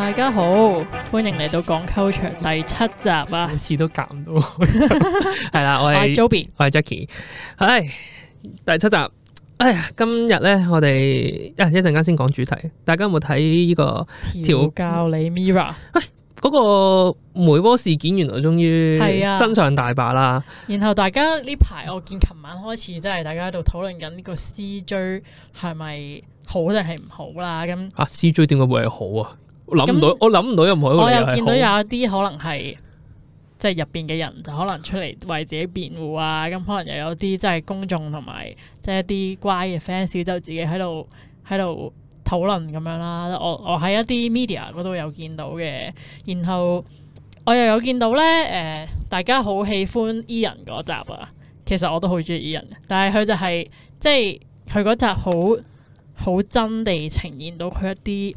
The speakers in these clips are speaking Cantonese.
大家好，歡迎嚟到《港溝場》第七集啊！每次都夾唔到，係啦， 我係 Joey，我係 Jackie，係第七集。哎呀，今日咧，我哋一一陣間先講主題。大家有冇睇呢個調教你 Mirror？喂，嗰調、哎那個梅窩事件，原來終於係啊真相大白啦、啊。然後大家呢排，我見琴晚開始，真係大家喺度討論緊呢個 CJ 係咪好定係唔好啦？咁啊，CJ 點解會係好啊？我諗唔到，那我諗唔到任何。我又見到有一啲可能係即係入邊嘅人，就可能出嚟為自己辯護啊。咁可能又有啲即係公眾同埋即係一啲乖嘅 fans 就自己喺度喺度討論咁樣啦、啊。我我喺一啲 media 嗰度有見到嘅，然後我又有見到咧，誒、呃，大家好喜歡伊人嗰集啊。其實我都好中意伊人，但係佢就係即係佢嗰集好好真地呈現到佢一啲。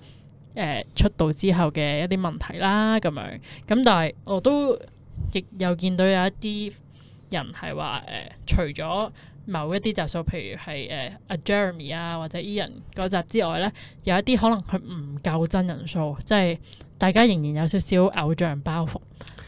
誒，出道之後嘅一啲問題啦，咁樣咁，但係我都亦有見到有一啲人係話誒，除咗某一啲集數，譬如係誒阿 Jeremy 啊或者 Ian 人嗰集之外咧，有一啲可能佢唔夠真人數，即係大家仍然有少少偶像包袱，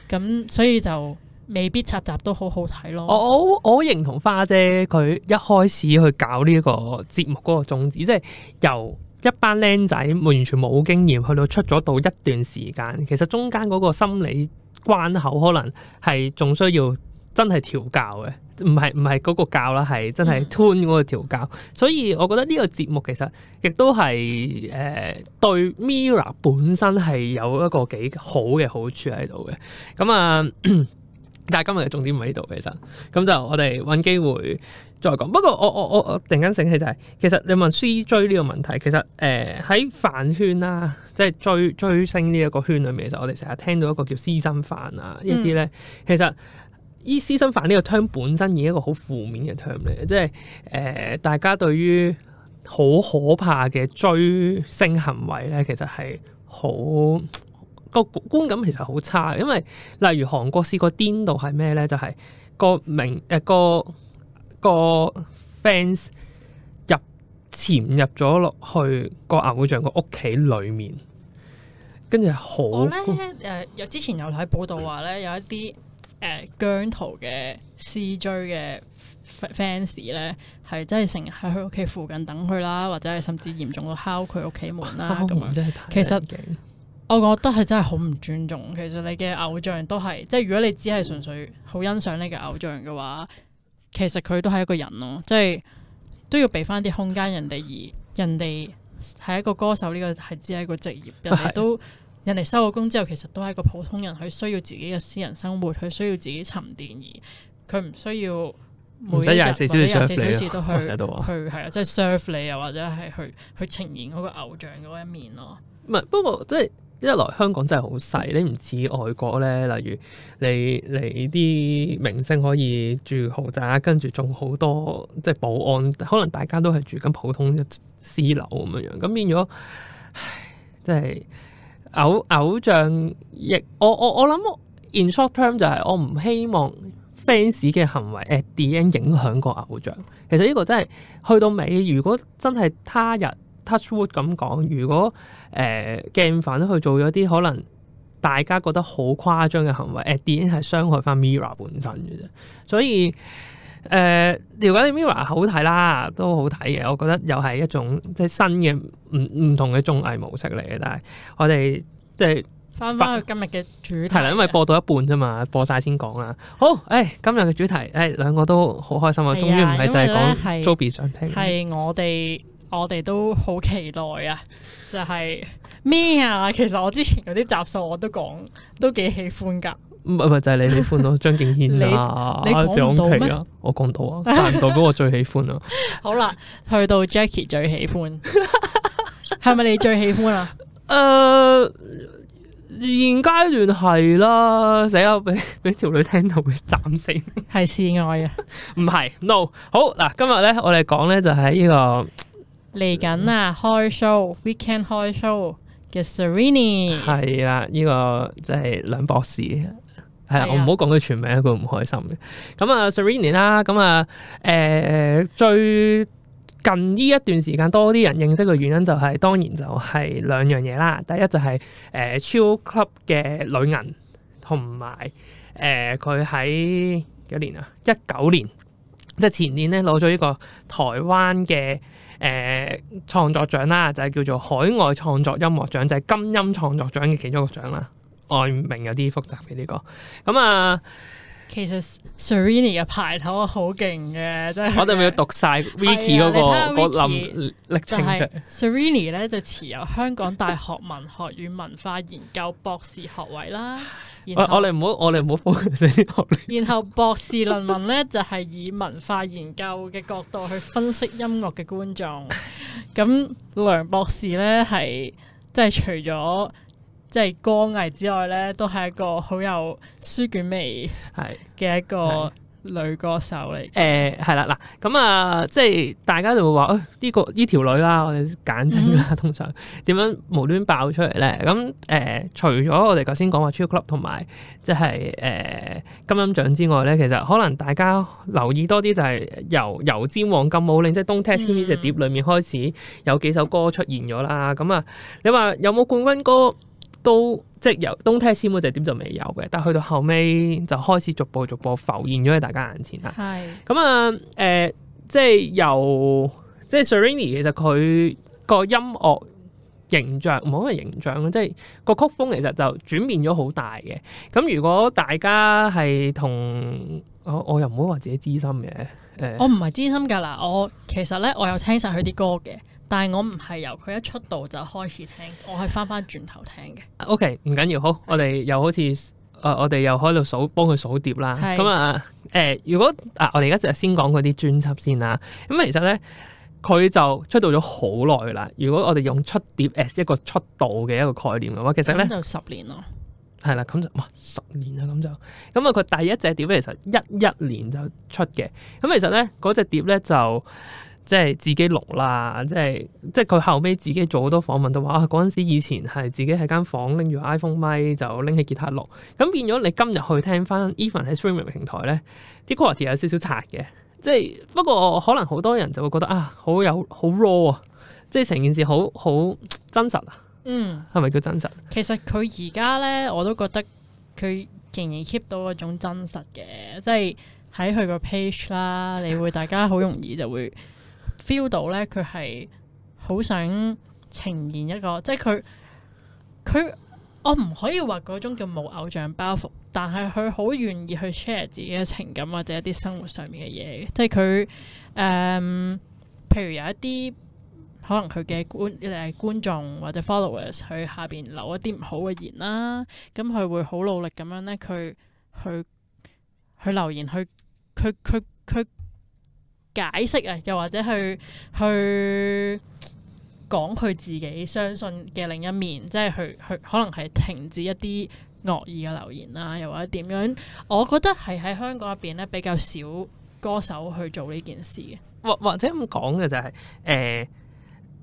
咁所以就未必插集都好好睇咯。我我我認同花姐佢一開始去搞呢個節目嗰個宗旨，即係由。一班僆仔完全冇經驗，去到出咗到一段時間，其實中間嗰個心理關口，可能係仲需要真係調教嘅，唔係唔係嗰個教啦，係真係吞嗰個調教。調調嗯、所以我覺得呢個節目其實亦都係誒對 MIRROR 本身係有一個幾好嘅好處喺度嘅。咁啊，但係今日嘅重點唔喺度，其實咁就我哋搵機會。再講，不過我我我我突然間醒起就係，其實你問 C 追呢個問題，其實誒喺飯圈啦、啊，即係追追星呢一個圈裏面，其實我哋成日聽到一個叫私生飯啊呢啲咧，嗯、其實依私生飯呢個 term 本身已一個好負面嘅 term 嚟嘅，即係誒、呃、大家對於好可怕嘅追星行為咧，其實係好個觀感其實好差，因為例如韓國試過顛倒係咩咧，就係、是、個名誒、呃、個。個 fans 入潛入咗落去個偶像個屋企裏面，跟住好咧。誒、呃，有之前有睇報道話咧，嗯、有一啲誒、呃、姜濤嘅 CJ 嘅 fans 咧，係真係成日喺佢屋企附近等佢啦，或者係甚至嚴重到敲佢屋企門啦、啊。敲門、哦、樣真係太。其實我覺得係真係好唔尊重。其實你嘅偶像都係，即係如果你只係純粹好欣賞你嘅偶像嘅話。其實佢都係一個人咯，即係都要俾翻啲空間人哋，而人哋係一個歌手，呢個係只係一個職業，人哋都人哋收咗工之後，其實都係一個普通人，佢需要自己嘅私人生活，佢需要自己沉澱，而佢唔需要每一日每廿四小時都去 到去係啊，即係 serve 你啊，或者係去去呈現嗰個偶像嗰一面咯。唔係，不過即係。一來香港真係好細，你唔似外國咧，例如你你啲明星可以住豪宅，跟住仲好多即係保安，可能大家都係住緊普通一私樓咁樣。咁變咗，即係偶偶像亦，我我我諗，in short term 就係我唔希望 fans 嘅行為 at the end 影響個偶像。其實呢個真係去到尾，如果真係他日。Touchwood 咁講，如果誒鏡、呃、粉都去做咗啲可能大家覺得好誇張嘅行為，誒影係傷害翻 Mirror 本身嘅啫。所以誒，條、呃、如果 Mirror 好睇啦，都好睇嘅。我覺得又係一種即係新嘅唔唔同嘅綜藝模式嚟嘅。但係我哋即係翻翻去今日嘅主題啦，因為播到一半啫嘛，播晒先講啦。好，誒、哎、今日嘅主題，誒、哎、兩個都好開心啊，終於唔係就係講 Zobby 想聽，係我哋。我哋都好期待啊！就係咩啊？其實我之前嗰啲集數我都講，都幾喜歡噶。唔係唔係，就係、是、你喜歡咯，張敬軒啊，張敬軒，我講到啊，讚唔到嗰個最喜歡啊。 好啦，去到 Jackie 最喜歡，係咪 你最喜歡啊？誒、呃，現階段係啦，死啦！俾俾條女聽到會慘死。係 示愛啊？唔係，No。好嗱，今日咧我哋講咧就係呢個。嚟緊啊！開 show，we can 開 show 嘅 Serenia 係啊，呢個即係梁博士係啊。的我唔好講佢全名，佢唔開心嘅咁啊。Serenia 啦，咁啊，誒、呃、最近呢一段時間多啲人認識嘅原因就係當然就係兩樣嘢啦。第一就係誒超級嘅女銀，同埋誒佢喺幾年啊？一九年即係前年咧，攞咗呢個台灣嘅。誒、呃、創作獎啦，就係、是、叫做海外創作音樂獎，就係、是、金音創作獎嘅其中一個獎啦。外名有啲複雜嘅呢、這個，咁啊，其實 Serrini 嘅牌頭好勁嘅，真係我哋咪要讀晒 Wiki 嗰、那個、 啊、看看 Wiki，個歷歷程嘅。Serrini 咧就持有香港大學文學與文化研究博士學位啦。 我哋唔好我哋唔好幫佢寫。然後博士論文咧 就係以文化研究嘅角度去分析音樂嘅觀眾。咁 梁博士咧，係即係除咗即係歌藝之外咧，都係一個好有書卷味係嘅一個，女歌手嚟，誒係啦，嗱咁啊，即係大家就會話，誒、哎、呢、這個呢條女啦，我哋簡稱啦，通常點樣無端爆出嚟咧？咁、嗯、誒，除咗我哋頭先講話超級同埋即係誒金音獎之外咧，其實可能大家留意多啲就係由由尖黃金舞令即係 Don't Test Me 呢隻碟裡面開始有幾首歌出現咗啦。咁、嗯、啊，你話、嗯、有冇冠軍歌都？即由東踢千蚊只點就未有嘅，但係去到後尾就開始逐步逐步浮現咗喺大家眼前啦。係咁啊，誒、嗯呃，即係由即係 Serenity 其實佢個音樂形象唔好係形象即係個曲風其實就轉變咗好大嘅。咁如果大家係同我，我又唔好話自己資深嘅，誒、呃，我唔係資深噶啦，我其實咧我有聽晒佢啲歌嘅。但係我唔係由佢一出道就開始聽，我係翻翻轉頭聽嘅。OK，唔緊要，好，我哋又好似，誒、呃，我哋又開到數，幫佢數碟啦。咁啊是，誒、嗯，如果啊，我哋而家就先講佢啲專輯先啦。咁其實咧，佢就出道咗好耐啦。如果我哋用出碟 as 一個出道嘅一個概念嘅話，其實咧就十年咯。係啦，咁就哇十年啊，咁就咁啊，佢、嗯、第一隻碟其實一一年就出嘅。咁其實咧，嗰隻碟咧就。即係自己錄啦，即係即係佢後尾自己做好多訪問，都話啊嗰陣時以前係自己喺間房拎住 iPhone 咪就拎起吉他錄，咁變咗你今日去聽翻 Even 喺 Streaming 平台咧，啲 quality 有少少差嘅，即係不過可能好多人就會覺得啊好有好 raw 啊，即係成件事好好真實啊，嗯，係咪叫真實？嗯，其實佢而家咧，我都覺得佢仍然 keep 到嗰種真實嘅，即係喺佢個 page 啦， 你會大家好容易就會。feel 到咧佢係好想呈現一個，即係佢佢我唔可以話嗰種叫冇偶像包袱，但係佢好願意去 share 自己嘅情感或者一啲生活上面嘅嘢，即係佢誒譬如有一啲可能佢嘅觀誒、呃、觀眾或者 followers 佢下邊留一啲唔好嘅言啦，咁佢會好努力咁樣咧，佢去去留言去佢佢佢。解釋啊，又或者去去講佢自己相信嘅另一面，即係去去可能係停止一啲惡意嘅留言啦，又或者點樣？我覺得係喺香港入邊咧比較少歌手去做呢件事，或或者咁講嘅就係、是、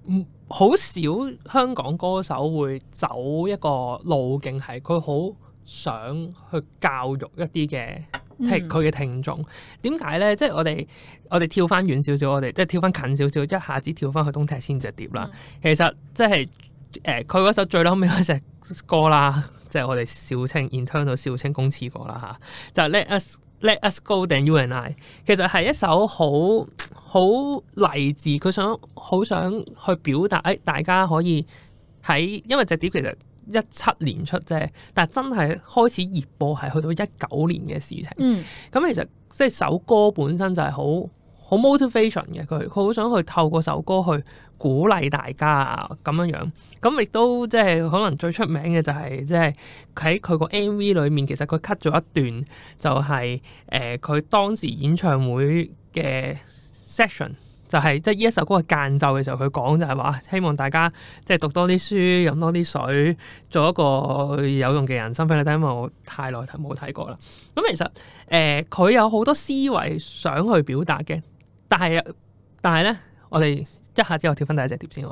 誒，好、呃、少香港歌手會走一個路徑，係佢好想去教育一啲嘅。係佢嘅聽眾，點解咧？即係我哋，我哋跳翻遠少少，我哋即係跳翻近少少，一下子跳翻去《東踢》先隻碟啦。嗯、其實即係誒，佢、呃、嗰首最後尾嗰隻歌啦，即係我哋笑稱《Inter》n 度笑稱公廁歌啦吓，就 Let Us Let Us Go 定 You And I，其實係一首好好勵志，佢想好想去表達，誒大家可以喺，因為隻碟其實。一七年出啫，但係真係開始熱播係去到一九年嘅事情。咁、嗯、其實即係首歌本身就係好好 motivation 嘅，佢佢好想去透過首歌去鼓勵大家啊咁樣樣。咁亦都即係可能最出名嘅就係即係喺佢個 MV 裏面，其實佢 cut 咗一段就係誒佢當時演唱會嘅 session 就係即係呢一首歌嘅間奏嘅時候，佢講就係話希望大家即係讀多啲書、飲多啲水，做一個有用嘅人生。俾你睇，因為我太耐冇睇過啦。咁、嗯、其實誒，佢、呃、有好多思維想去表達嘅，但係但係咧，我哋一下子後跳翻第一隻碟先。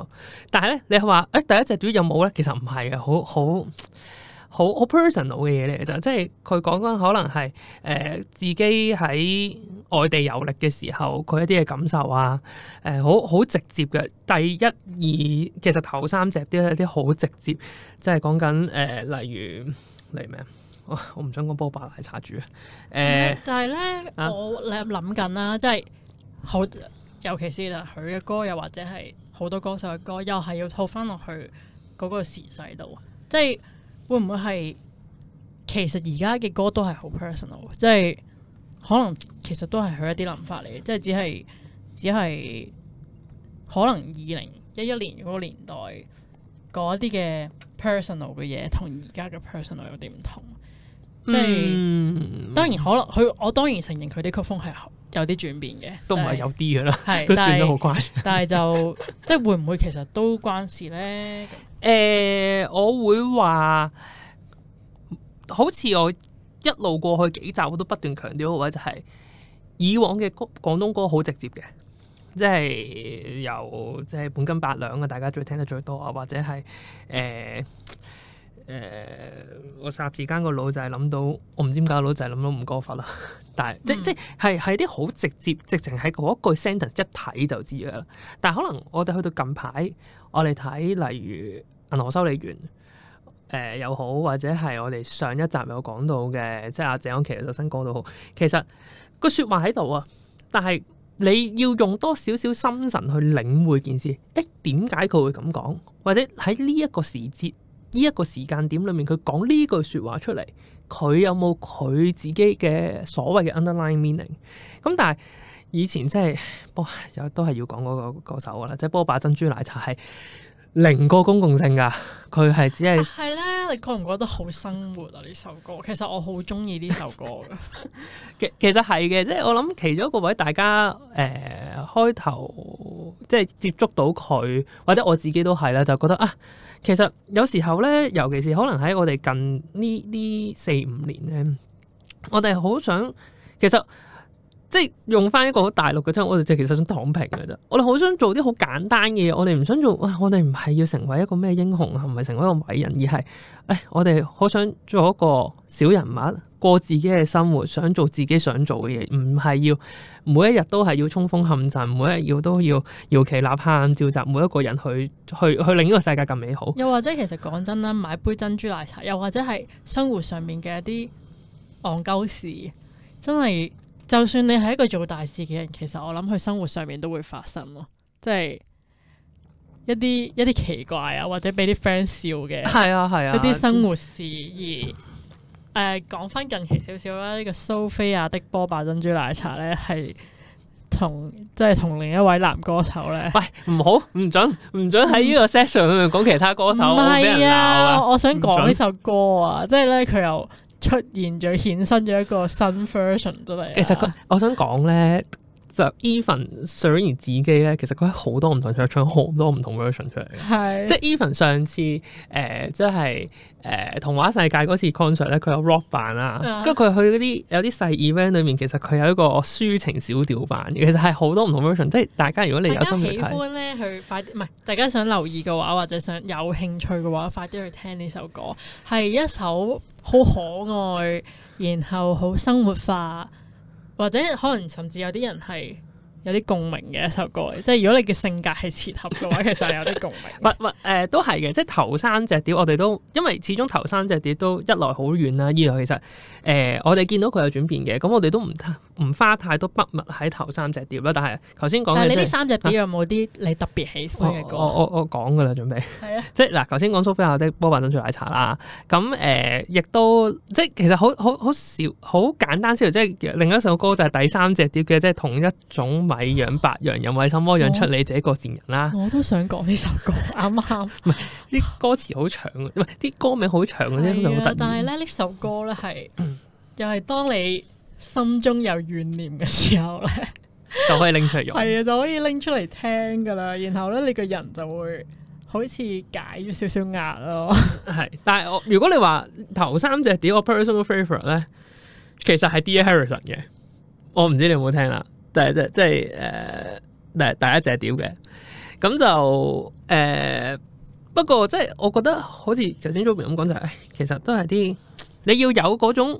但係咧，你話誒第一隻碟有冇咧？其實唔係嘅，好好。好好 personal 嘅嘢嚟嘅就，即係佢講緊可能係誒、呃、自己喺外地遊歷嘅時候，佢一啲嘅感受啊，誒好好直接嘅。第一二其實頭三隻啲一啲好直接，即係講緊誒、呃，例如例如咩、呃、啊？我唔想講波霸奶茶住啊！誒，但係咧，我你諗緊啦，即係好，尤其是佢嘅歌又或者係好多歌手嘅歌，又係要套翻落去嗰個時勢度，即係。會唔會係其實而家嘅歌都係好 personal，即係可能其實都係佢一啲諗法嚟嘅，即係只係只係可能二零一一年嗰個年代嗰啲嘅 personal 嘅嘢，同而家嘅 personal 有啲唔同。嗯、即係當然可能佢我當然承認佢啲曲風係有啲轉變嘅，都唔係有啲噶啦，都轉得好快。但係就即係會唔會其實都關事咧？誒、呃，我會話，好似我一路過去幾集，我都不斷強調嘅話，就係、是、以往嘅歌廣東歌好直接嘅，即係由即係半斤八兩嘅，大家最聽得最多啊，或者係誒誒，我霎時間個腦就係諗到，我唔知點解個腦就係諗到五歌法啦。但係、嗯、即即係係啲好直接，直情喺嗰一句 sentence 一睇就知嘅啦。但係可能我哋去到近排。我哋睇例如銀河修理員，誒、呃、又好，或者係我哋上一集有講到嘅，即係阿謝安琪頭先講到，其實個説話喺度啊，但係你要用多少少心神去領會件事，誒，點解佢會咁講，或者喺呢一個時節、呢、這、一個時間點裏面，佢講呢句説話出嚟，佢有冇佢自己嘅所謂嘅 underline meaning？咁但係。以前即、就、係、是那個就是、波，有都係要講嗰個歌手㗎喇，即係波霸珍珠奶茶係零個公共性㗎，佢係只係係咧。你覺唔覺得好生活啊？呢首歌其實、就是、我好鍾意呢首歌嘅。其其實係嘅，即係我諗其中一個位，大家誒開頭即係接觸到佢，或者我自己都係啦，就覺得啊，其實有時候咧，尤其是可能喺我哋近呢呢四五年咧，我哋好想其實。即係用翻一個大陸嘅真，我哋就其實想躺平嘅啫。我哋好想做啲好簡單嘅嘢，我哋唔想做。哎、我哋唔係要成為一個咩英雄啊，唔係成為一個偉人，而係誒、哎，我哋好想做一個小人物，過自己嘅生活，想做自己想做嘅嘢，唔係要每一日都係要衝鋒陷陣，每一日要一都要搖旗吶喊召集每一個人去去去，去令呢個世界咁美好。又或者其實講真啦，買杯珍珠奶茶，又或者係生活上面嘅一啲戇鳩事，真係～就算你係一個做大事嘅人，其實我諗佢生活上面都會發生咯，即係一啲一啲奇怪啊，或者俾啲 friend 笑嘅，係啊係啊，啊一啲生活事宜。而誒、嗯，講翻、uh, 近期少少啦，呢、這個蘇菲亞的波霸珍珠奶茶咧，係同即係同另一位男歌手咧。 喂，唔好唔准唔准喺呢個 session 裏面講其他歌手，我俾、嗯啊、人鬧啦、啊、我想講呢首歌啊，即係咧佢又。出現咗，衍生咗一個新 version 出嚟。其實， 我想講咧。就 Even 雖然自己咧，其實佢喺好多唔同場，唱好多唔同 version 出嚟嘅。係是、呃，即係 Even 上次誒，即係誒童話世界嗰次 concert 咧，佢有 rock 版啦，跟住佢去嗰啲有啲細 event 裏面，其實佢有一個抒情小調版，其實係好多唔同 version。即係大家如果你有心去喜歡咧去快啲，唔係大家想留意嘅話，或者想有興趣嘅話，快啲去聽呢首歌，係一首好可愛，然後好生活化。或者可能甚至有啲人係有啲共鳴嘅一首歌，即係如果你嘅性格係切合嘅話， 其實係有啲共鳴 唔唔，誒、呃、都係嘅，即係頭三隻碟我，我哋都因為始終頭三隻碟都一來好遠啦，二來其實。誒，我哋見到佢有轉變嘅，咁我哋都唔唔花太多筆墨喺頭三隻碟啦。但係頭先講，但係你呢三隻碟有冇啲你特別喜歡嘅歌？我我我講噶啦，準備係啊，即係嗱，頭先講蘇菲亞的波板珍珠奶茶啦。咁誒，亦都即係其實好好好少好簡單少即係另一首歌就係第三隻碟嘅，即係同一種米養百樣人為什麼養出你自己個賤人啦？我都想講呢首歌啱啱，唔係啲歌詞好長，啲歌名好長嘅啫，但係咧呢首歌咧係。就係當你心中有怨念嘅時候咧 ，就可以拎出嚟用。係啊，就可以拎出嚟聽噶啦。然後咧，你個人就會好似解咗少少壓咯。係， 但係我如果你話頭三隻碟個 personal favorite 咧，其實係 D Harrison 嘅。我唔知你有冇聽啦。但係即即係誒，第第一隻碟嘅。咁就誒、呃，不過即係我覺得好似頭先 Zoey 咁講就係，其實都係啲你要有嗰種。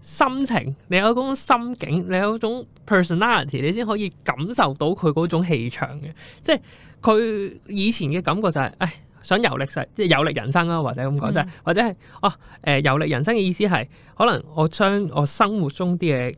心情，你有嗰種心境，你有嗰種 personality，你先可以感受到佢嗰種氣場嘅。即係佢以前嘅感覺就係、是，誒，想遊歷世，即係遊歷人生啊，或者咁講、就是，即係或者係，哦、啊，誒、呃，遊歷人生嘅意思係，可能我將我生活中啲嘅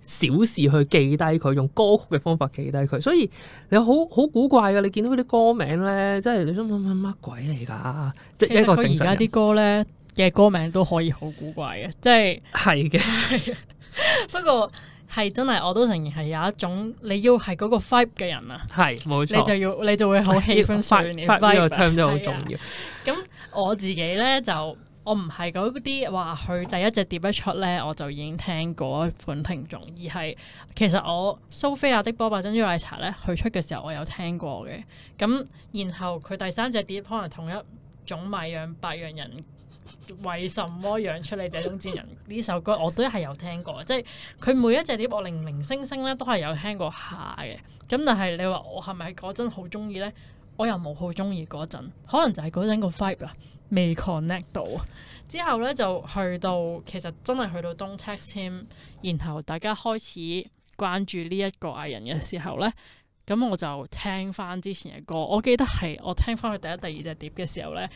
小事去記低佢，用歌曲嘅方法記低佢。所以你好好古怪嘅，你見到佢啲歌名咧，即係你想問問乜鬼嚟噶？即係一個而家啲歌咧。嘅歌名都可以好古怪嘅，即係係嘅。是的 不過係真係，我都承認係有一種你要係嗰個 vibe 嘅人啊，係冇錯，你就要你就會好喜歡的。發呢 Vi be 個 term 就好重要。咁我自己咧就我唔係嗰啲話佢第一隻碟一出咧我就已經聽過款聽眾，而係其實我蘇菲亞的波霸珍珠奶茶咧佢出嘅時候我有聽過嘅。咁然後佢第三隻碟可能同一種米養百樣人。為什麼養出你這種賤人？呢首歌我都係有聽過，即係佢每一隻碟，我零零星星咧都係有聽過下嘅。咁但係你話我係咪嗰陣好中意呢？我又冇好中意嗰陣，可能就係嗰陣個 vibe 未 connect 到。之後呢就去到，其實真係去到東 Texas，然後大家開始關注呢一個藝人嘅時候呢。咁我就聽翻之前嘅歌。我記得係我聽翻佢第一、第二隻碟嘅時候呢。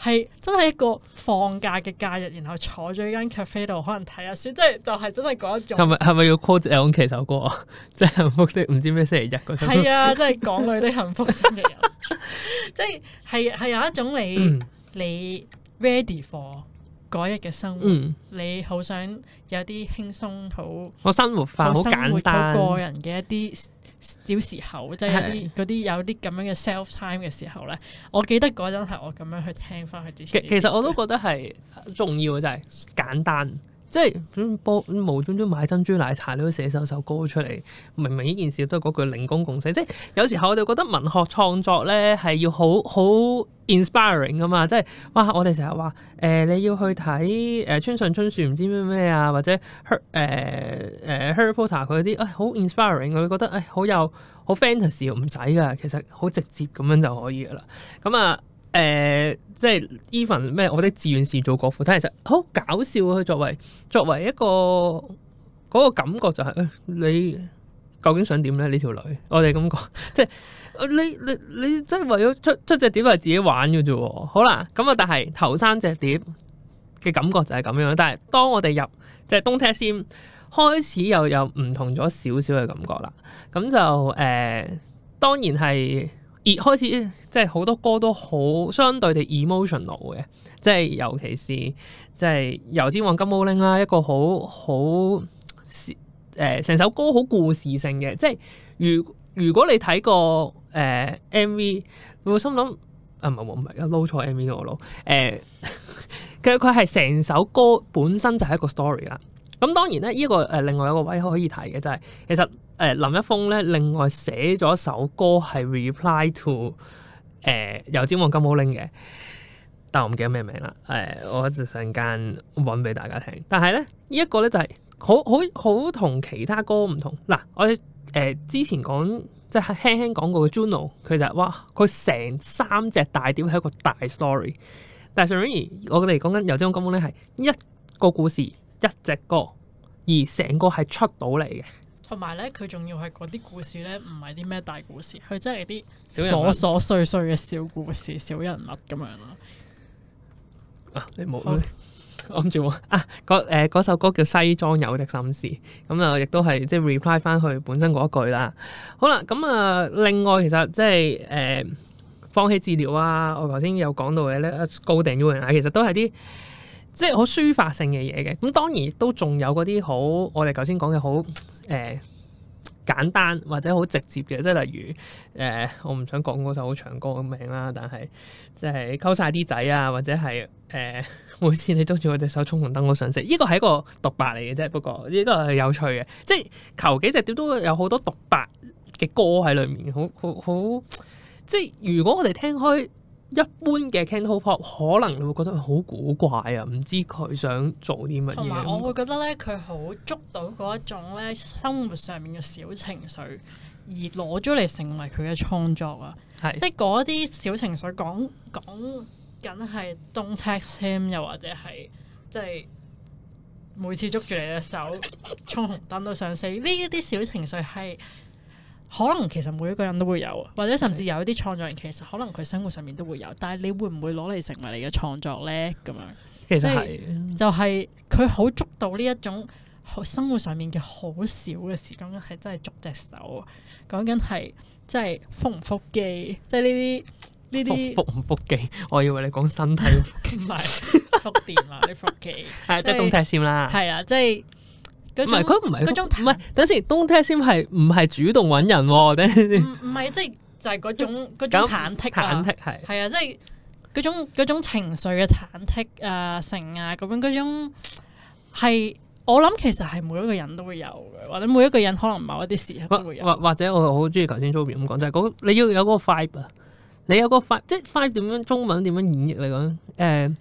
係真係一個放假嘅假日，然後坐咗喺間 cafe 度，可能睇下書，即係就係真係嗰一種。係咪係咪要《c a l l d L K》首歌啊？即 係幸福的，唔知咩星期日嗰首。係 啊，即係港女的幸福星期日， 即係係係有一種你 你 ready for。嗰日嘅生活，嗯、你好想有啲輕鬆好，我、嗯、很生活化好簡單，好個人嘅一啲小時候，即係的一啲嗰啲有啲咁樣嘅 self time 嘅時候咧。我記得嗰陣係我咁樣去聽翻佢之前。其實我都覺得係重要嘅、嗯、就係簡單。即係波、嗯、無端端買珍珠奶茶，你都寫首首歌出嚟。明明呢件事都係嗰句零工共死。即係有時候我哋覺得文學創作咧係要好好 inspiring 㗎嘛。即係哇！我哋成日話誒你要去睇誒、呃呃《村上春樹》唔知咩咩啊，或者 h e、呃呃、Harry Potter 佢啲好 inspiring。佢、哎、insp 覺得誒好、哎、有好 fantasy，又唔使㗎，其實好直接咁樣就可以㗎喇。咁啊～誒、呃，即係 even 咩？我覺得志願是做國父。但係其實好搞笑，佢作為作為一個嗰、那個感覺就係、是哎，你究竟想點咧？呢條女，我哋感覺即係你你你，即係為咗出出隻碟係自己玩嘅啫。好啦，咁啊，但係頭三隻碟嘅感覺就係咁樣。但係當我哋入即隻、就是、東鐵線，開始又有唔同咗少少嘅感覺啦。咁就誒、呃，當然係。而開始即係好多歌都好相對地 emotional 嘅，即係尤其是即係由《天王金毛玲》啦，一個好好誒成首歌好故事性嘅，即係如果如果你睇過誒 MV，你會心諗啊唔係唔係，v, 我 load 錯 MV 我 load 誒其實佢係成首歌本身就係一個 story 啦。咁當然咧，呢、這個誒、呃、另外有一個位可以提嘅就係、是、其實誒、呃、林一峰咧，另外寫咗首歌係 re、呃《Reply to 誒油尖旺金毛拎嘅》，但我唔記得咩名啦。誒、呃，我一陣間揾俾大家聽。但係咧，這個、呢一個咧就係好好好同其他歌唔同嗱。我誒、呃、之前講即係輕輕講過嘅、就是《Juno》佢就係哇，佢成三隻大碟係一個大 story。但係相反，而我哋講緊油尖旺金毛咧係一個故事。一隻歌，而成個係出到嚟嘅，同埋咧佢仲要係嗰啲故事咧，唔係啲咩大故事，佢真係啲瑣瑣碎碎嘅小故事、小人物咁樣咯。啊，你冇啦，諗住、哦、 啊，嗰、呃、首歌叫《西裝有的心事》，咁、嗯、啊，亦、呃、都係即係 reply 翻佢本身嗰一句啦。好啦，咁啊、呃，另外其實即係誒放棄治，治療啊，我頭先有講到嘅咧，高定要人啊，其實都係啲。即係好抒發性嘅嘢嘅，咁當然都仲有嗰啲好我哋頭先講嘅好誒簡單或者好直接嘅，即係例如誒、呃、我唔想講嗰首好長歌嘅名啦，但係即係溝晒啲仔啊，或者係誒、呃、每次你捉住我隻手衝紅燈，我想死，呢個係一個獨白嚟嘅啫，不過呢個係有趣嘅，即係求幾隻碟都有好多獨白嘅歌喺裏面，好好好，即係如果我哋聽開。一般嘅 Cantopop 可能你會覺得佢好古怪啊，唔知佢想做啲乜嘢。同埋我會覺得咧，佢好捉到嗰一種咧生活上面嘅小情緒，而攞咗嚟成為佢嘅創作啊。係是即係嗰啲小情緒，講講緊係 don’t text him，又或者係即係每次捉住你隻手 衝紅燈都想死，呢一啲小情緒係。可能其實每一個人都會有，或者甚至有一啲創作人其實可能佢生活上面都會有，但係你會唔會攞嚟成為你嘅創作咧？咁樣，其實係就係佢好捉到呢一種生活上面嘅好少嘅時間，講緊係真係捉隻手，講緊係即係腹唔腹肌，即係呢啲呢啲腹唔腹肌。我以為你講身體福記，驚埋腹電啊啲腹肌，係即係動態線啦，係啊即係。唔係佢唔係，唔係嗰種等陣先，don't take 先係唔係主動搵人？唔唔係，即係就係嗰種嗰種忐忑忐忑係係啊，即係嗰種嗰種情緒嘅忐忑啊，性啊咁樣嗰種係。我諗其實係每一個人都會有嘅，或者每一個人可能某一啲事可能會有或。或或者我好中意頭先 Zoey 咁講，就係、係嗰個、你要有嗰個 vibe 啊，你有個 vibe，即係 vibe 點樣？中文點樣演繹嚟講？誒、呃，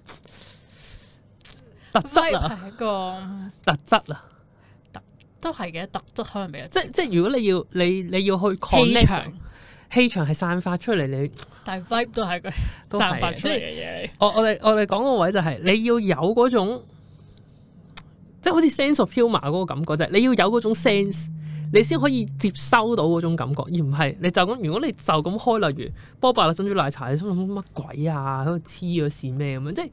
特質啊，係一個特質啊。都係嘅特質，香味。俾，即即，即如果你要你你要去氣場，氣場係散發出嚟，你，但係 vibe 都係個散發出嚟嘅嘢。我我哋我哋講個位就係、是，你要有嗰種，即係好似 sense of humor 嗰個感覺，就係、是、你要有嗰種 sense，你先可以接收到嗰種感覺，而唔係你就咁。如果你就咁開，例如波伯，霸珍珠奶茶，你心諗乜鬼啊？喺度黐咗線咩咁？即係。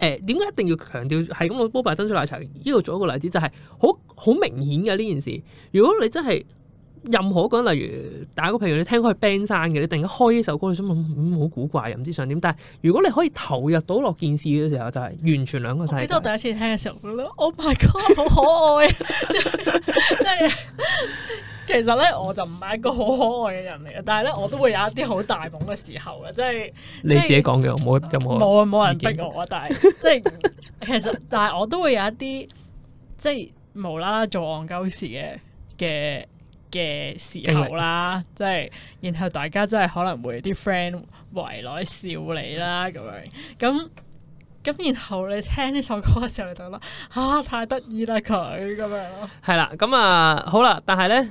誒，點解一定要強調係咁？我波霸珍珠奶茶呢度做一個例子，就是，就係好好明顯嘅呢件事。如果你真係任何講，例如打個譬如，你聽佢係 band 山嘅，你突然間開呢首歌，你想諗，好、嗯嗯、古怪又唔知想點。但係如果你可以投入到落件事嘅時候，就係、是、完全兩個世界。你都第一次聽嘅時候，咯，Oh my God，好可愛，真係。其實咧，我就唔係一個好可愛嘅人嚟嘅，但係咧，我都會有一啲好大懵嘅時候嘅，即係你自己講嘅，冇冇冇人逼我， 但係即係其實，但係我都會有一啲即係無啦啦做戇鳩事嘅嘅嘅時候啦，即係然後大家真係可能會啲 friend 圍來笑你啦，咁樣咁咁然後你聽呢首歌嘅時候，你就覺得：「啊，太得意啦！」佢咁樣。，係啦，咁、嗯、啊、嗯、好啦，但係咧。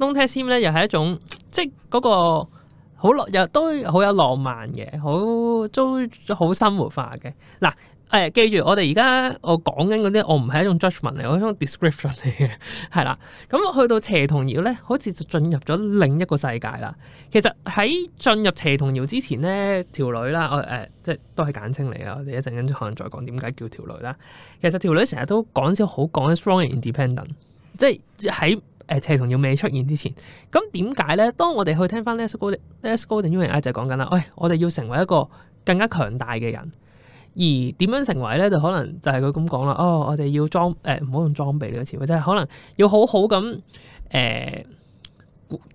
Long term 咧又係一種即係嗰、那個好落又都好有，有浪漫嘅，好都好生活化嘅。嗱，誒、呃，記住我哋而家我講緊嗰啲，我唔係一種 judgment 嚟，我係一種 description 嚟嘅，係啦。咁 去到邪童謠咧，好似就進入咗另一個世界啦。其實喺進入邪童謠之前咧，條女啦、呃呃，我誒即係都係簡稱嚟啊。我哋一陣間可能再講點解叫條女啦。其實條女成日都講啲好講得 strong and independent，即係喺。誒邪同妖未出現之前，咁點解咧？當我哋去聽翻《Let's Go》《Let's Go》就講緊啦。喂，我哋要成為一個更加強大嘅人，而點樣成為咧？就可能就係佢咁講啦。哦，我哋要裝誒，唔好用裝備呢個詞，或者係可能要好好咁誒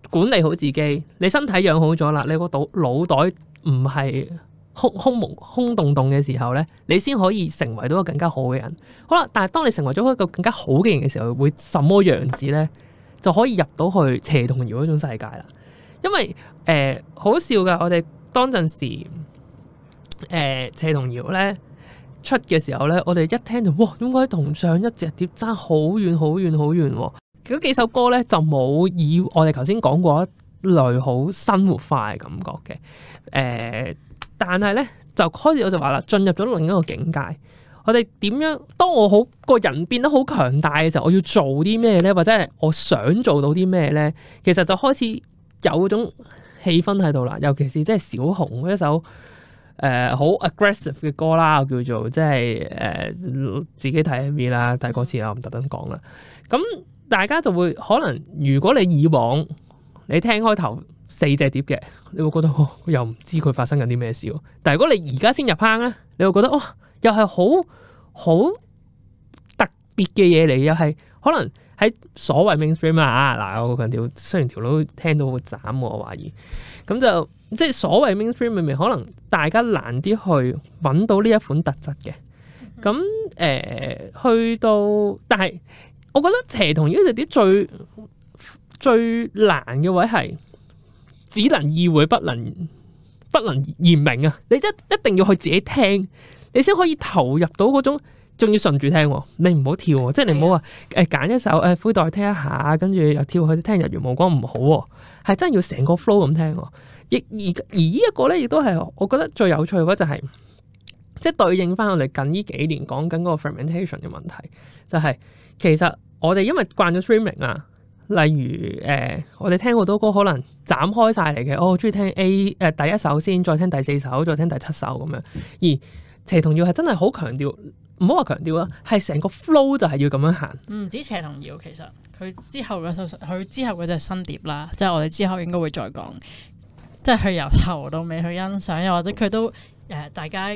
管理好自己。你身體養好咗啦，你個腦腦袋唔係空空空空洞洞嘅時候咧，你先可以成為到一個更加好嘅人。好啦，但係當你成為咗一個更加好嘅人嘅時候，會什麼樣子咧？就可以入到去《邪童謠》嗰種世界啦，因為誒、呃、好笑㗎，我哋當陣時誒《邪童謠》咧出嘅時候咧，我哋一聽就哇，點解同上一隻碟爭好遠好遠好遠喎？嗰、嗯、幾首歌咧就冇以我哋頭先講過一類好生活化嘅感覺嘅誒、呃，但係咧就開始我就話啦，進入咗另一個境界。我哋點樣？當我好個人變得好強大嘅時候，我要做啲咩咧？或者係我想做到啲咩咧？其實就開始有嗰種氣氛喺度啦。尤其是即係小紅一首誒好、呃、aggressive 嘅歌啦，我叫做即係誒、呃、自己睇 MV 啦，但係嗰次，我唔特登講啦。咁大家就會可能如果你以往你聽開頭四隻碟嘅，你會覺得、哦、又唔知佢發生緊啲咩事。但係如果你而家先入坑咧，你會覺得哇！哦又係好好特別嘅嘢嚟，又係可能喺所謂 mainstream 啊嗱，我強調雖然條佬聽到會斬，我懷疑咁就即係所謂 mainstream，裡面可能大家難啲去揾到呢一款特質嘅咁誒，去到但係我覺得邪同呢隻碟最最難嘅位係只能意會，不能不能言明啊！你一一定要去自己聽。你先可以投入到嗰種，仲要順住聽、哦，你唔好跳、哦，的即係你唔好話誒揀一首誒、呃、灰袋聽一下，跟住又跳去聽日月無光唔好喎、哦，係真係要成個 flow 咁聽喎、哦。亦而而呢一個咧，亦都係我覺得最有趣嘅就係、是，即係對應翻我哋近呢幾年講緊嗰個 fragmentation 嘅問題，就係、是、其實我哋因為慣咗 streaming 啊，例如誒、呃、我哋聽好多歌可能斬開晒嚟嘅，我好中意聽 A 誒、呃、第一首先，再聽第四首，再聽第七首咁樣，而，而謝同耀係真係好強調，唔好話強調啊，係成個 flow 就係要咁樣行。唔止謝同耀，其實佢之後嘅首，佢之後隻新碟啦，即係我哋之後應該會再講，即係佢由頭到尾去欣賞，又或者佢都誒、呃，大家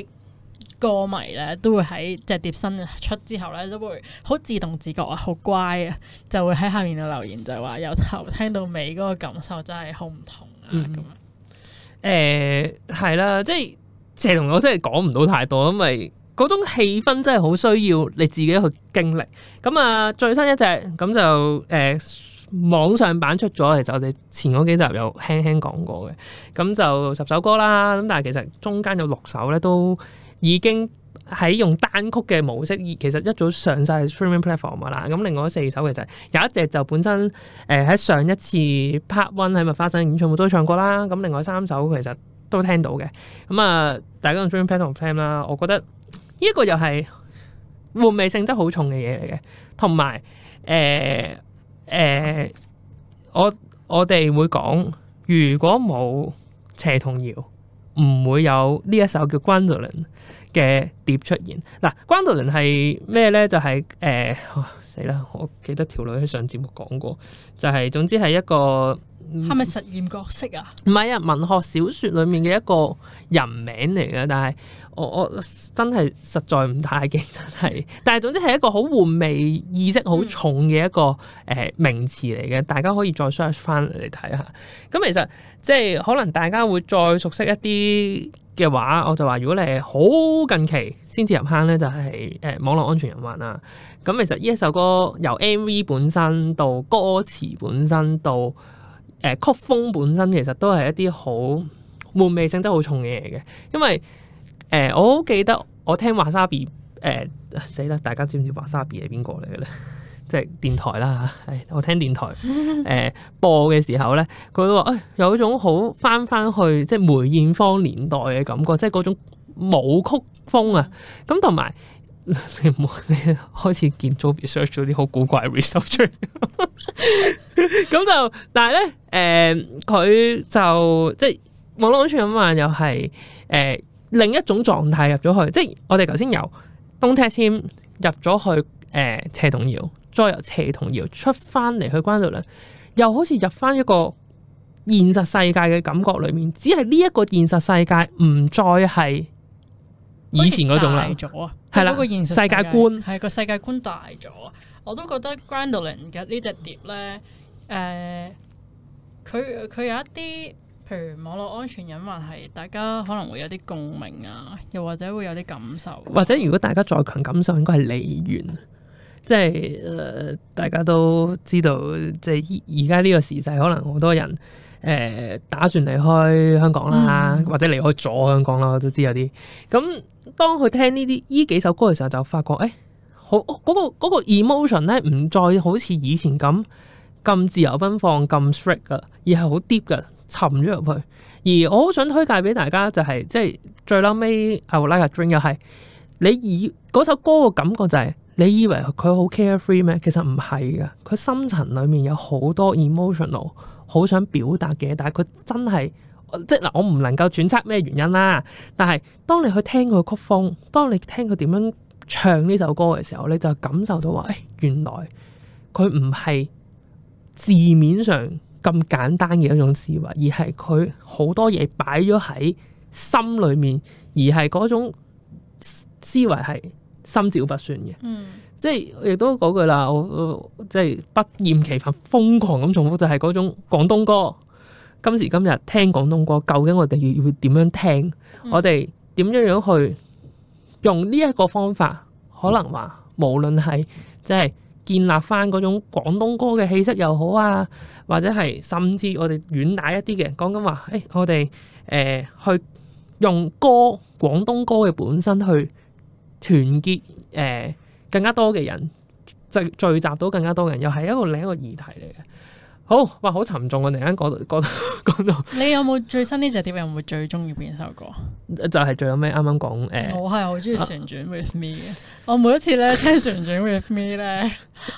歌迷咧都會喺隻碟新出之後咧都會好自動自覺啊，好乖啊，就會喺下面度留言就係話由頭聽到尾嗰個感受真係好唔同啊咁啊。誒，嗯呃，係啦，即係。謝同我真係講唔到太多，因為嗰種氣氛真係好需要你自己去經歷。咁啊，最新一隻咁、嗯、就誒、嗯、網上版出咗嚟，就我哋前嗰幾集有輕輕講過嘅。咁就十首歌啦，咁但係其實中間有六首咧都已經喺用單曲嘅模式，其實一早上曬 streaming platform 啦。咁另外四首其實有一隻就本身誒喺、呃、上一次 part one 喺麥花臣演唱會都唱過啦。咁另外三首其實。都聽到嘅，咁啊，大家用 Dream，Friend 同 Friend 啦，我覺得呢一個又係換味性質好重嘅嘢嚟嘅，同埋誒誒，我我哋會講，如果冇邪同姚，唔會有呢一首叫《Gundolin》嘅碟出現。嗱，《Gundolin》係咩咧？就係誒。死啦！我記得條女喺上節目講過，就係、是、總之係一個係咪實驗角色啊？唔係啊，文學小説裡面嘅一個人名嚟嘅，但係我我真係實在唔太記得係，但係總之係一個好玩味意識好重嘅一個誒名詞嚟嘅，嗯、大家可以再 search 翻嚟睇下。咁其實即係可能大家會再熟悉一啲。嘅話，我就話如果你係好近期先至入坑咧，就係、是、誒、呃、網絡安全入門啦。咁其實呢一首歌由 M V 本身到歌詞本身到誒、呃、曲風本身，其實都係一啲好悶味性得好重嘅嘢嘅。因為誒、呃，我好記得我聽華莎比誒死啦！大家知唔知華莎比係邊個嚟嘅咧？即係電台啦嚇、哎，我聽電台誒、呃、播嘅時候咧，佢都話誒有一種好返返去即係梅艷芳年代嘅感覺，即係嗰種舞曲風啊。咁同埋你冇開始見 Zobby search 咗啲好古怪嘅 research 出嚟，咁、呃、就但係咧誒佢就即係網絡安全咁慢，又係誒另一種狀態入咗去，即係我哋頭先由東鐵線入咗去誒車洞要。呃再由邪同妖出翻嚟去關到梁，又好似入翻一個現實世界嘅感覺裏面，只係呢一個現實世界唔再係以前嗰種啦，咗啊，係啦，個現實世界觀係個世，世界觀大咗，我都覺得 Grandellin 嘅呢隻碟咧，誒、呃，佢佢有一啲，譬如網絡安全隱患係大家可能會有啲共鳴啊，又或者會有啲感受，或者如果大家再強感受，應該係離遠。即係、呃，大家都知道，即係而家呢個時勢，可能好多人誒、呃、打算離開香港啦，嗯、或者離開咗香港啦，我都知有啲。咁當佢聽呢啲呢幾首歌嘅時候，就發覺誒、欸，好嗰、哦那個嗰、那個 emotion 咧，唔再好似以前咁咁自由奔放，咁 strict 噶，而係好 deep 噶，沉咗入去。而我好想推介俾大家，就係、是、即係最、最尾《I Would Like a Drink》又係，你以嗰首歌嘅感覺就係、是。你以為佢好 carefree 咩？其實唔係嘅，佢深層裡面有好多 emotional，好想表達嘅。但係佢真係即係嗱，我唔能夠揣測咩原因啦、啊。但係當你去聽佢曲風，當你聽佢點樣唱呢首歌嘅時候，你就感受到話、哎，原來佢唔係字面上咁簡單嘅一種思維，而係佢好多嘢擺咗喺心裡面，而係嗰種思維係，心照不宣嘅，即係亦、嗯、都嗰句啦，我即係、就是、不厭其煩瘋狂咁重複，就係嗰種廣東歌。今時今日聽廣東歌，究竟我哋要要點樣聽？嗯、我哋點樣樣去用呢一個方法？可能話無論係即係建立翻嗰種廣東歌嘅氣息又好啊，或者係甚至我哋遠大一啲嘅，講緊話誒，我哋誒、呃、去用歌廣東歌嘅本身去。團結誒、呃、更加多嘅人，就聚集到更加多人，又係一個另一個議題嚟嘅。好哇，好沉重！啊。突然間講到講到，你有冇最新呢隻碟？有冇最中意邊首歌？就係最後尾啱啱講誒，我係好中意旋轉 With Me 嘅。 我每一次咧聽旋轉 With Me 咧，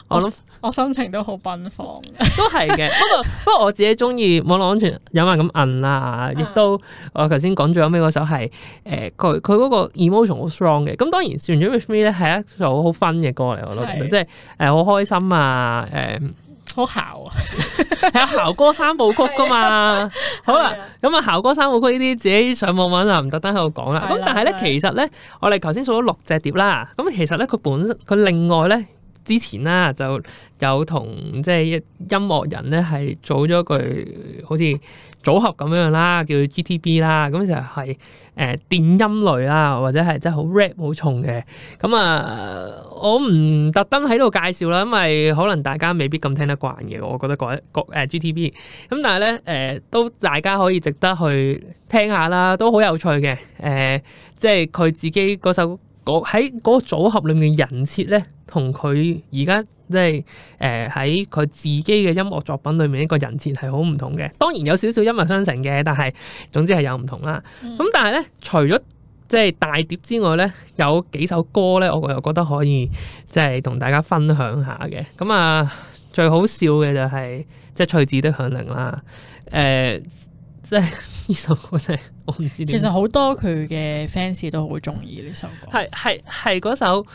我 我心情都好奔放，都係嘅。 不過不過我自己中意網絡安全有埋咁暗啊，亦都我頭先講最後尾嗰首係誒佢佢嗰個 Emotional Strong 嘅。咁當然旋轉 With Me 咧係一首好 fun 嘅歌嚟，我都覺得即係誒好開心啊誒。 好姣啊，係 有姣哥三部曲噶嘛， 是的 好啦，咁啊姣哥三部曲呢啲自己上網搵啊，唔特登喺度講啦。咁但係咧，其實咧，我哋頭先數咗六隻碟啦，咁其實咧，佢本身佢另外咧。之前啦，就有同即係一音樂人咧，係組咗句好似組合咁樣啦，叫 GTB 啦，咁就係誒電音類啦，或者係即係好 rap 好重嘅。咁、嗯、啊、呃，我唔特登喺度介紹啦，因為可能大家未必咁聽得慣嘅。我覺得嗰個誒 GTB 咁，但係咧誒都大家可以值得去聽下啦，都好有趣嘅。誒、呃，即係佢自己嗰首。喺嗰個組合裏面嘅人設咧，同佢而家即係誒喺佢自己嘅音樂作品裏面一個人設係好唔同嘅。當然有少少陰陽相成嘅，但係總之係有唔同啦。咁、嗯、但係咧，除咗即係大碟之外咧，有幾首歌咧，我又覺得可以即係同大家分享下嘅。咁啊，最好笑嘅就係、是、即係《趣子的響鈴》啦，誒、呃、即。呢 首歌真係我唔知點解。其實好多佢嘅 fans 都好中意呢首歌。係係係嗰首，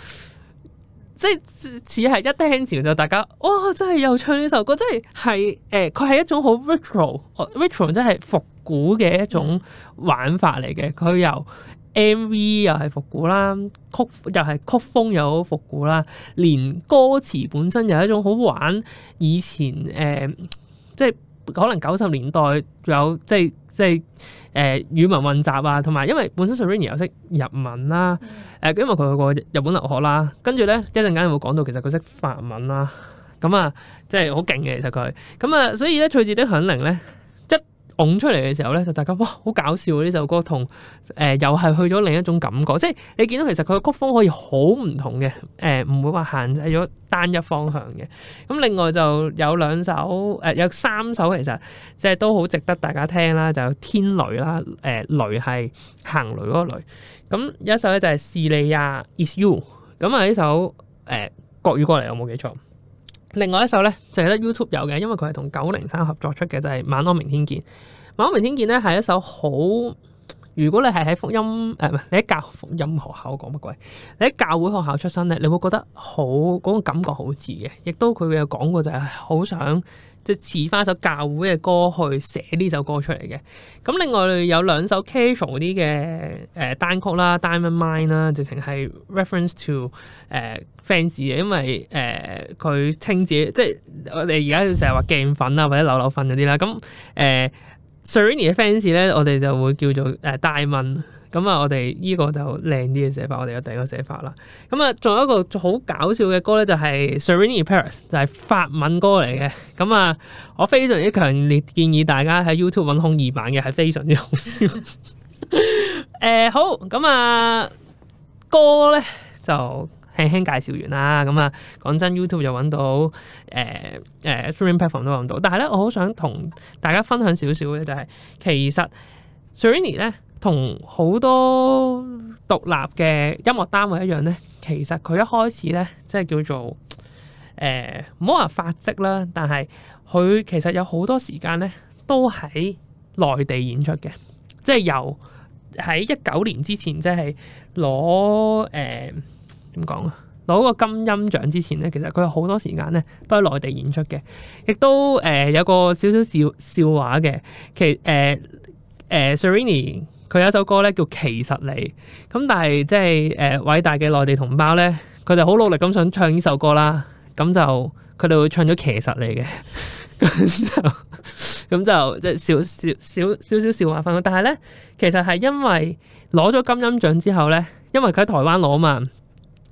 即係只係一聽前就大家哇！真係又唱呢首歌，真係係誒，佢、呃、係一種好 virtual vir、嗯、tual 真係復古嘅一種玩法嚟嘅。佢由 M V 又係復古啦，曲又係曲風又好復古啦，連歌詞本身又係一種好玩以前誒、呃，即係可能九十年代有即係。即係誒、呃、語文混雜啊，同埋因為本身 Saranya 又識日文啦、啊，誒、呃、因為佢去過日本留學啦、啊，跟住咧一陣間又會講到其實佢識法文啦、啊，咁啊即係好勁嘅其實佢，咁啊所以咧《翠子的響鈴》咧。拱出嚟嘅時候咧，就大家哇好搞笑！呢首歌同誒、呃、又係去咗另一種感覺，即係你見到其實佢嘅曲風可以好唔同嘅，誒、呃、唔會話限制咗單一方向嘅。咁、嗯、另外就有兩首誒、呃，有三首其實即係都好值得大家聽啦，就有天雷啦，誒、呃、雷係行雷嗰個雷。咁、嗯、有一首咧就係、是《斯里亞 Is You》，咁啊呢首誒、呃、國語歌嚟，我冇記錯。另外一首咧就係得 YouTube 有嘅，因為佢係同九零三合作出嘅，就係、是《晚安明天見》。《晚安明天見》咧係一首好，如果你係喺福音誒唔係你喺教福音學校講乜鬼，你喺教會學校出身咧，你會覺得好嗰、那個感覺好似嘅。亦都佢有講過就係、是、好想。即係似翻首教會嘅歌去寫呢首歌出嚟嘅。咁另外有兩首 casual 啲嘅誒單曲啦，Diamond Mine 啦，直情係 reference to 誒、uh, fans 嘅，因為誒佢稱自己即係我哋而家要成日話鏡粉啊，或者扭扭粉嗰啲啦。咁誒、uh, Serrini 嘅 fans 咧，我哋就會叫做誒 Diamond。咁啊，我哋呢個就靚啲嘅寫法，我哋有第二個寫法啦。咁啊，仲有一個好搞笑嘅歌咧，就係 Serenity Paris，就係法文歌嚟嘅。咁啊，我非常之強烈建議大家喺 YouTube 揾空二版空耳版嘅，係非常之好笑。誒、 呃，好，咁啊，歌咧就輕輕介紹完啦。咁啊，講真，YouTube 就揾到誒誒、呃呃、Stream Platform 都揾到，但係咧，我好想同大家分享少少嘅，就係其實 Serenity 咧。同好多獨立嘅音樂單位一樣咧，其實佢一開始咧，即係叫做誒，唔好話發跡啦。但係佢其實有好多時間咧，都喺內地演出嘅。即係由喺一九年之前，即係攞誒點講啊，攞、呃、個金音獎之前咧，其實佢有好多時間咧都喺內地演出嘅。亦都誒、呃、有個少少笑笑話嘅，其誒誒、呃呃、Serrini 佢有一首歌咧叫《其實你》，咁但係即係誒偉大嘅內地同胞咧，佢哋好努力咁想唱呢首歌啦，咁就佢哋會唱咗《其實你》嘅，咁就即係少少少少少少話返。但係咧，其實係因為攞咗金音獎之後咧，因為佢喺台灣攞啊嘛，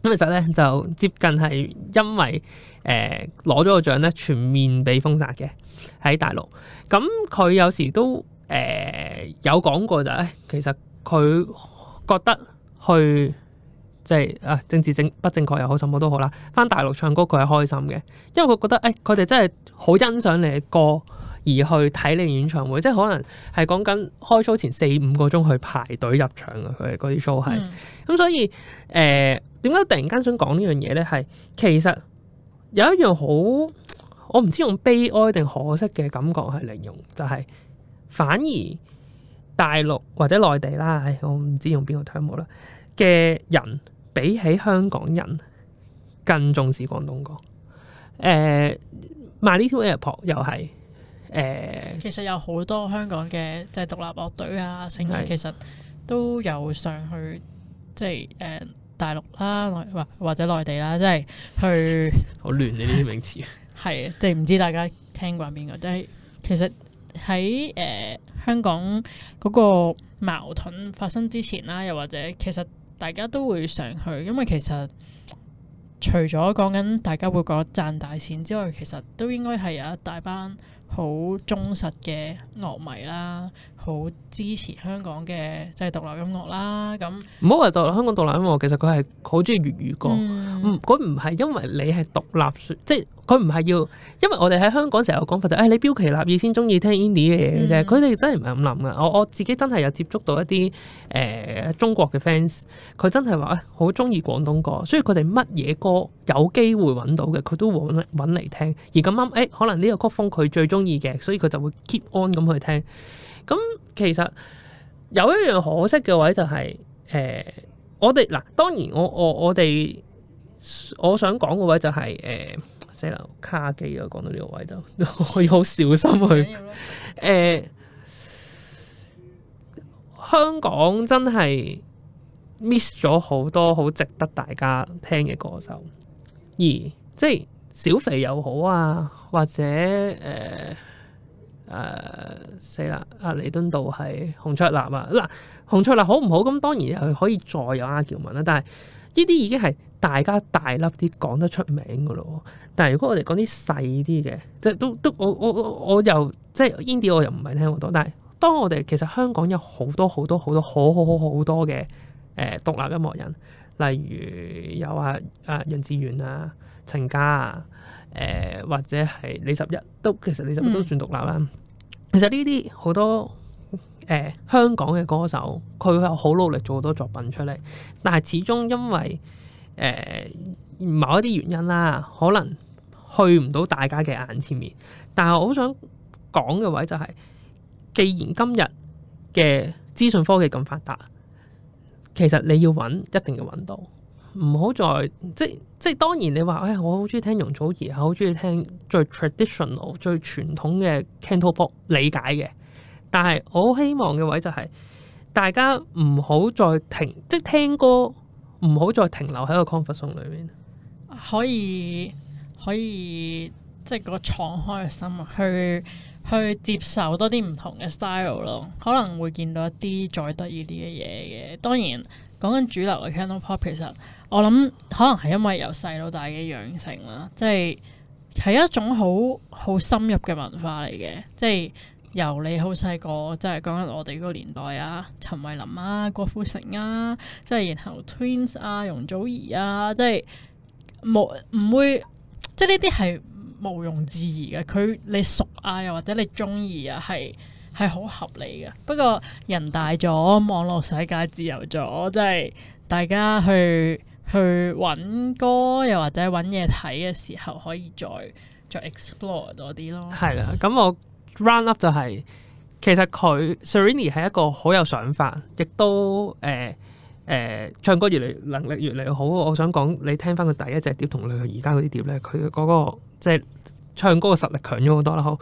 咁其實咧就接近係因為誒攞咗個獎咧，全面被封殺嘅喺大陸。咁佢有時都。誒、呃，有講過就係、哎，其實佢覺得去即係、就是、啊，政治正不正確又好，什麼都好啦。返大陸唱歌佢係開心嘅，因為佢覺得誒，佢、哎、哋真係好欣賞你嘅歌而去睇你演唱會，即係可能係講緊開 show 前四五個鐘去排隊入場啊。佢哋嗰啲 show 係，咁、嗯、所以誒，點、呃、解突然間想講呢樣嘢咧？係其實有一樣好，我唔知用悲哀定可惜嘅感覺去形容，就係、是。反而大陸或者內地啦，唉，我唔知用邊個 term 啦嘅人，比起香港人更重視廣東歌。My Little Airport 又係誒。呃、其實有好多香港嘅即係獨立樂隊啊，成日其實都有上去即係誒、呃、大陸啦、啊，或或者內地啦，即係去。好亂呢啲名詞啊！係啊，即係唔 知大家聽過邊個，即係其實。喺誒、呃、香港嗰個矛盾發生之前啦，又或者其實大家都會上去，因為其實除咗講緊大家會覺得賺大錢之外，其實都應該係有一大班好忠實嘅樂迷啦。好支持香港嘅即係獨立音樂啦。咁唔好話獨立香港獨立音樂，其實佢係好中意粵語歌。佢唔係因為你係獨立，即係佢唔係要。因為我哋喺香港成日講法就係、是哎：，你標奇立異先中意聽 indie 嘅嘢嘅啫。佢哋、嗯、真係唔係咁諗嘅。我我自己真係有接觸到一啲誒、呃、中國嘅 fans，佢真係話好中意廣東歌，所以佢哋乜嘢歌有機會揾到嘅，佢都揾揾嚟聽。而咁啱誒，可能呢個曲風佢最中意嘅，所以佢就會 keep on 咁去聽。咁其實有一樣可惜嘅位就係、是，誒、呃、我哋嗱，當然我我我哋我想講嘅位就係、是，誒死啦卡機啊，講到呢個位就可以好小心去，誒、呃、香港真係 miss 咗好多好值得大家聽嘅歌手，而即係小肥又好啊，或者誒。呃誒死啦！彌、uh, 啊、敦道係洪卓立啊，嗱，洪卓立好唔好？咁當然又可以再有阿喬文啦。但係呢啲已經係大家大粒啲講得出名嘅咯。但係如果我哋講啲細啲嘅，即係都都我我我又即係 indie，我又唔係聽好多。但係當我哋其實香港有好多好多好多好好好好多嘅誒獨立音樂人。例如有啊啊，楊智遠啊，陳家啊，誒、呃、或者係李十一都，其實李十一都算獨立啦。嗯、其實呢啲好多誒、呃、香港嘅歌手，佢又好努力做好多作品出嚟，但係始終因為誒、呃、某一啲原因啦，可能去唔到大家嘅眼前面。但係我好想講嘅位就係、是，既然今日嘅資訊科技咁發達。其實你要揾，一定要揾到，唔好再即，即，當然你話，唉、哎，我好中意聽容祖兒，好中意聽最 traditional、最傳統嘅 cantopop 理解嘅。但係我希望嘅位就係、是、大家唔好再停，即聽歌唔好再停留喺個 comfort zone 裏面，可以可以即個敞開嘅心去。去接受多啲唔同嘅 style 咯，可能會見到一啲再得意啲嘅嘢嘅。當然，講緊主流嘅 Cantopop 其實我諗可能係因為由細到大嘅養成啦，即係係一種好好深入嘅文化嚟嘅。即係由你好細個，即係講緊我哋嗰個年代啊，陳慧琳啊、郭富城啊，即係然後 Twins 啊、容祖兒啊，即係冇唔會即係呢啲係。毋庸置疑嘅，佢你熟啊，又或者你中意啊，係係好合理嘅。不過人大咗，網絡世界自由咗，即係大家去去搵歌，又或者搵嘢睇嘅時候，可以再再 explore 多啲咯。係啦，咁我 run up 就係，其實佢 Serrini 係一個好有想法，亦都誒誒唱歌越嚟能力越嚟越好。我想講你聽翻佢第一隻碟同佢而家嗰啲碟咧，佢嗰個。即係唱歌嘅實力強咗好多啦，好誒、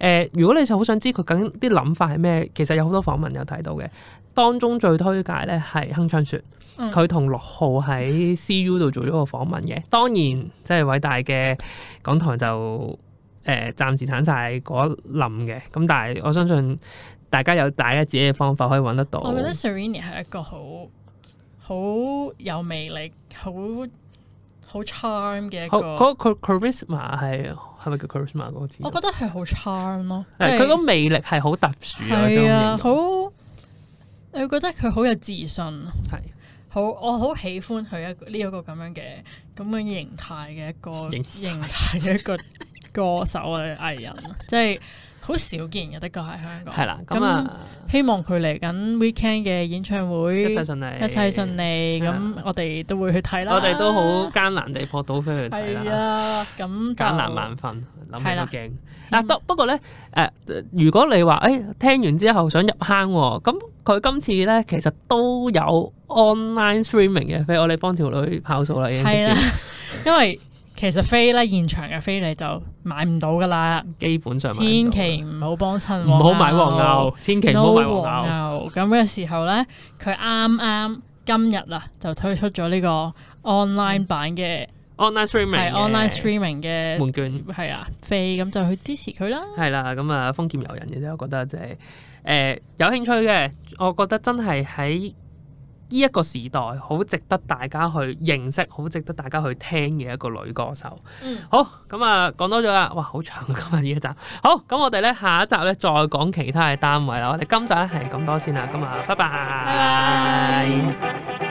呃！如果你就好想知佢究竟啲諗法係咩，其實有好多訪問有睇到嘅，當中最推介咧係亨昌說，佢同、嗯、六浩喺 CU 度做咗個訪問嘅。當然，即係偉大嘅港台就誒暫、呃、時鏟晒嗰一淋嘅，咁但係我相信大家有大家自己嘅方法可以揾得到。我覺得 Sirenia 係一個好好有魅力、好。好 charm 嘅一個，嗰、嗰個、charisma 係係咪叫 charisma 嗰個字？我覺得係好 charm 咯，佢個魅力係好特殊啊！係啊，好，你覺得佢好有自信，係的好，我好喜歡佢一呢一個咁樣嘅咁樣嘅形態嘅一個形態嘅一個。歌手啊，藝人，即係好少見嘅，的確係香港。係啦，咁啊，希望佢嚟緊 weekend 嘅演唱會，一切順利，一切順利。咁我哋都會去睇啦。啊、我哋都好艱難地撲到飛去睇啦。咁艱難萬分，諗起都驚。嗱，不不過咧，誒，如果你話誒、哎、聽完之後想入坑喎，咁佢今次咧其實都有 online streaming 嘅，譬如我哋幫條女跑數啦，已經知因為其實飛咧現場嘅飛你就買唔到㗎喇，基本上千祈唔好幫襯，唔好買黃牛，千祈唔好買黃牛。咁嘅時候咧，佢啱啱今日啦就推出咗呢個 online 版嘅 online streaming 係 online streaming 嘅門券係啊飛，咁就去支持佢啦。係啦，咁啊封建遊人嘅啫，我覺得即係誒有興趣嘅，我覺得真係喺。呢一個時代好值得大家去認識，好值得大家去聽嘅一個女歌手。嗯，好咁啊，講多咗啦，哇，好長咁啊，今日呢一集。好咁，我哋咧下一集咧再講其他嘅單位啦。我哋今集咧係咁多先啦。咁啊，拜拜。